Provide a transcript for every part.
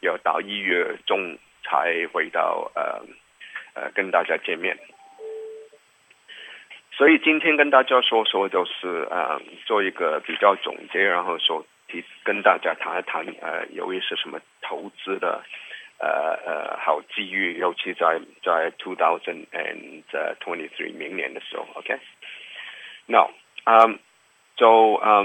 要到一月中才回到呃誒、呃、跟大家見面，所以今天跟大家說說，就是誒、呃、做一個比較總結，然後說提跟大家談一談，呃，有一些什麼投資的呃，呃，好機遇，尤其在在 two thousand and twenty、uh, three 明年的時候，OK？Now，嗯，就呃。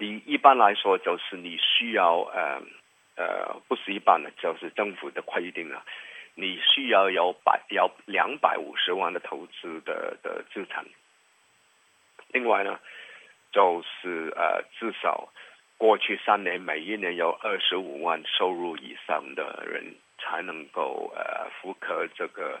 你一般來說就是你需要呃呃不是一般的，就是政府的規定啊，你需要有百有兩百五十萬的投資的的資產。另外呢，就是呃至少過去三年每一年有二十五萬收入以上的人，才能夠呃符合這個